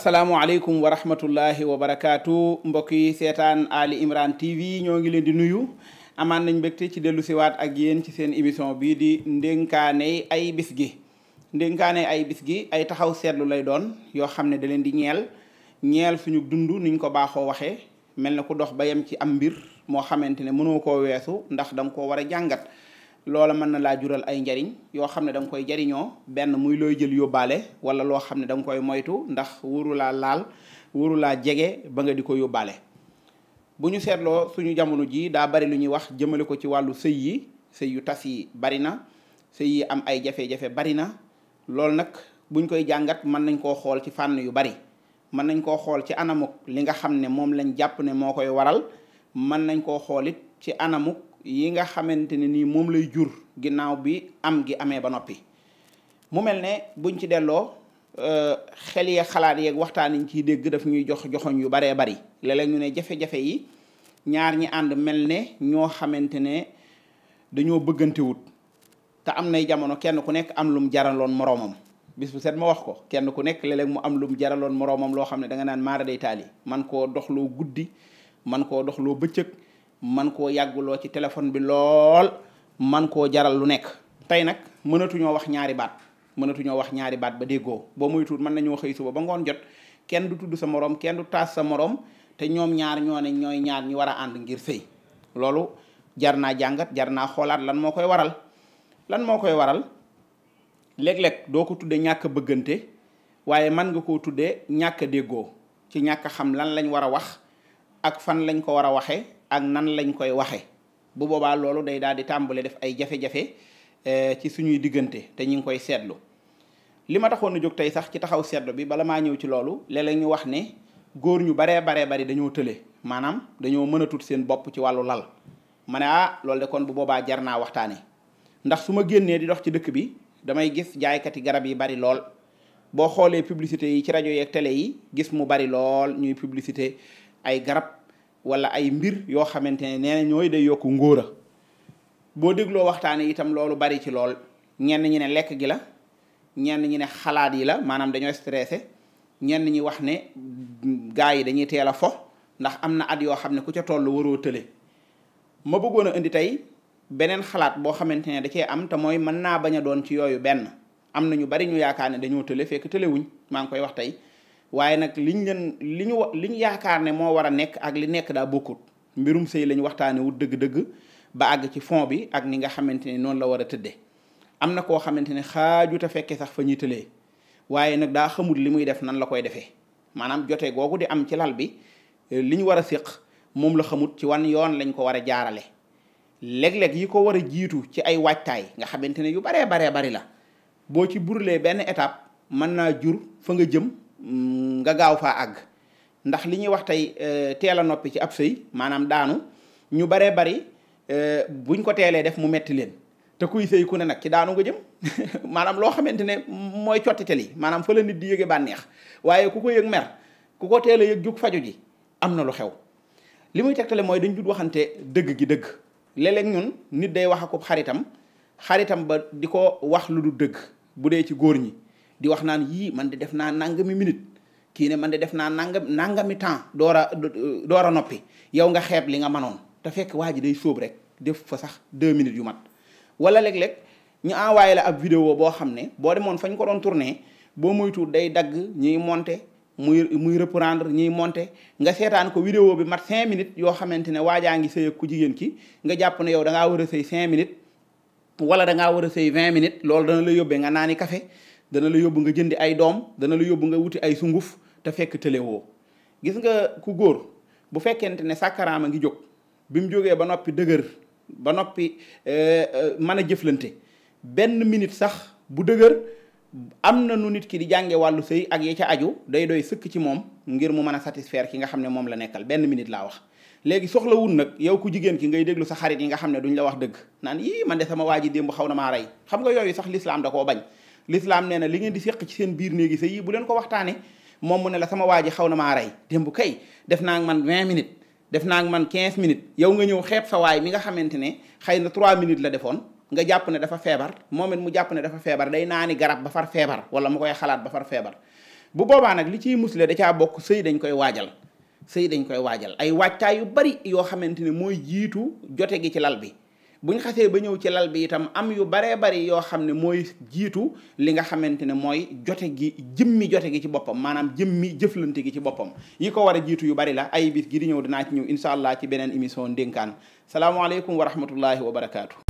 asalaamualeykum wa rahmatullahi wa barakaatu mbokk yi seetaan Ali Imran TV ñoo ngi leen di nuyu amaan nañ mbégte ci dellu siwaat ak yéen ci seen émission bii di ndénkaane ay bisgi gi ndénkaane ay bis ay taxaw seetlu lay doon yoo xam ne da leen di ñeel ñeel suñu dund niñ ko baaxoo waxee mel na ku dox ba yem ci am mbir moo xamante ne mënu ko weesu ndax danga ko war a jàngat loola mën na laa jural ay njariñ yoo xam ne da koy jariñoo benn muy looy jël yóbbaale wala loo xam ne da koy moytu ndax wuru laa laal wuru laa jege ba nga di ko yóbbaale bu ñu seetloo suñu jamono ji daa bari lu ñuy wax jëmale ko ci wàllu sëy yi sëy yu tas yi bari na sëy yi am ay jafe-jafe bari na loolu nag buñ koy jàngat mën nañ koo xool ci fànn yu bari mën nañ koo xool ci anamuk li nga xam ne moom lañ jàpp ne moo koy waral mën nañ koo xoolit ci anamuk yi nga xamante ne nii moom lay jur ginnaaw bi am gi amee ba noppi mu mel ne buñ ci delloo euh, xel ya xalaat yeeg waxtaan yi ciy dégg daf ñuy jox joxoñ yu baree bari léeg ñu ne jafe-jafe yi ñaar ñi ànd mel ne ñoo xamante ne dañoo bëggantewut te am nay jamono kenn ku nekk am lum jaraloon moroomam bis bu set ma wax ko kenn ku nekk léeg mu am lum jaraloon moroomam loo xam ne danga nga naan maara day man koo dox loo guddi man koo doxloo bëccëg man koo yàgguloo ci téléphone bi lool man koo jaral lu nekk tey nag mënatuñoo wax ñaari baat mënatuñoo wax ñaari baat ba déggoo boo muy tuut mën nañoo xëy suba ba ngoon jot kenn du tudd sa moroom kenn du taas sa moroom te ñoom ñaar ñoo ne ñooy ñaar ñi war a ànd ngir sëy loolu jar naa jàngat jar naa xoolaat lan moo koy waral lan moo koy waral léeg doo ko tuddee ñàkk bëggante waaye man nga koo tuddee ñàkk déggoo ci ñàkk xam lan lañ war a wax ak fan lañ ko war a waxee ak nan lañ koy waxe bu boobaa loolu day daal di tàmbale def ay jafe-jafe eh, ci suñuy diggante te ñu ngi koy seetlu li ma taxoon a jóg tey sax ci taxaw seetlu bi bala maa ñëw ci loolu léeg-léeg wax ne góor ñu baree baree bari dañoo tële maanaam dañoo mën a tut seen bopp ci wàllu lal ma ne ah loolu de kon bu boobaa jar naa waxtaane ndax su ma génnee di dox ci dëkk bi damay gis jaaykati garab yi bari lool boo xoolee publicité yi ci rajo yeeg télé yi gis mu bari lool ñuy publicité ay garab wala ay mbir yoo xamante ne nee ñooy day yokk ngóora boo dégloo waxtaane itam loolu bari ci lool ñenn ñi ne lekk gi la ñenn ñi ne xalaat yi la maanaam dañoo stressé ñenn ñi wax ne gars yi dañuy teel a fo ndax am na at yoo xam ne ku ca toll waroo tële ma bëggoon a indi tey beneen xalaat boo xamante ne da cee am te mooy mën naa baña doon ci yooyu benn am na ñu bari ñu yaakaar ne dañoo tële fekk tëlewuñ maa ngi koy wax tey waaye nag liñ leen li ñu wa li ñu yaakaar ne moo war a nekk ak li nekk daa bokkut mbirum sëy lañ waxtaanee wut dëgg-dëgg ba àgg ci fond bi ak ni nga xamante ne noonu la war a tëddee am na koo xamante ne xaajuta fekkee sax fa ñuy tëlee waaye nag daa xamul li muy def nan la koy defee maanaam jote googu di am ci lal bi eh, li ñu war a séq moom la xamut ci wan yoon lañ ko war a jaarale léeg-léeg yi ko war a jiitu ci ay waajtaay nga xamante ne yu baree baree bari la boo ci burlee benn étape mën naa jur fa nga jëm mm, nga gaaw faa àgg ndax li ñuy wax tey euh, teel a noppi ci ab sëy maanaam daanu ñu baree bari euh, buñ ko teelee def mu metti leen te kuy sëy ku ne nag ci daanu nga jëm maanaam loo xamante ne mooy yi maanaam fa la nit di yëge bànneex waaye ku ko yëg mer ku ko teel a yëg jug faju ji am na lu xew li muy tegtale mooy dañ jut waxante dëgg gi dëgg léeg-léeg ñun nit day wax akub xaritam xaritam ba di ko wax lu du dëgg bu dee ci góor ñi di wax naan yii man di def naa nangami kii ne man de def naa nangam mi temps door a door a noppi yow nga xeeb li nga manoon te fekk waa ji day sóob rek def fa sax deux minutes yu mat wala léeg-léeg ñu envoyé la ab video boo xam ne boo demoon fañ ko doon tourné boo moytu day dagg ñuy monté muy muy reprendre ñuy monté nga seetaan ko vidéo bi mat cinq minutes yoo xamante ne waajaa ngi sëy ku jigéen ki nga jàpp ne yow da ngaa war a sëy cinq minutes wala da ngaa war a sëy vingt minute loolu dana la yóbbee nga naani café dana la yóbbu nga jëndi ay doom dana la yóbbu nga wuti ay sunguf te fekk tëlewoo gis nga ku góor bu fekkente ne a ngi jóg bi mu jógee ba noppi dëgër ba noppi eh, eh, mën a jëflante benn minute sax bu dëgër am na nu nit ki di jànge wàllu sëy ak ya ca aju day doy sëkk ci moom ngir mu mën a satisfaire ki nga xam ne moom la nekkal benn minute laa wax léegi soxlawul nag yow ku jigéen ki ngay déglu sa xarit yi nga xam ne duñ la wax dëgg naan yii man de waa ji démb xaw na maa rey xam nga yooyu sax lislaam da koo bañ lislaam nee na li ngeen di seq ci seen biir néegi sa yi bu leen ko waxtaanee moom mu ne la sama waa ji xaw na maa rey démb kay def naa ak man 20 minutes def naa ak man 15 minutes yow nga ñëw xeeb sa waay mi nga xamante ne xëy na 3 minutes la defoon nga jàpp ne dafa feebar moom it mu jàpp ne dafa feebar day naani garab ba far feebar wala mu koy xalaat ba far feebar bu boobaa nag li ciy musle da caa bokk sëy dañ koy waajal sëy dañ koy waajal ay waajtaay yu bari yoo xamante ne mooy jiitu jote gi ci lal bi bu ñu xasee ba ñëw ci lal bi itam am yu baree bari yoo xam ne mooy jiitu li nga xamante ne mooy jote gi jëmmi jote gi ci boppam maanaam jëmmi jëflante gi ci boppam yi ko war a jiitu yu bari la ay bis gi di ñëw dinaa ci ñëw incha allah ci beneen émission ndénkaan salaamaaleykum wa rahmatullahi wa barakaatu.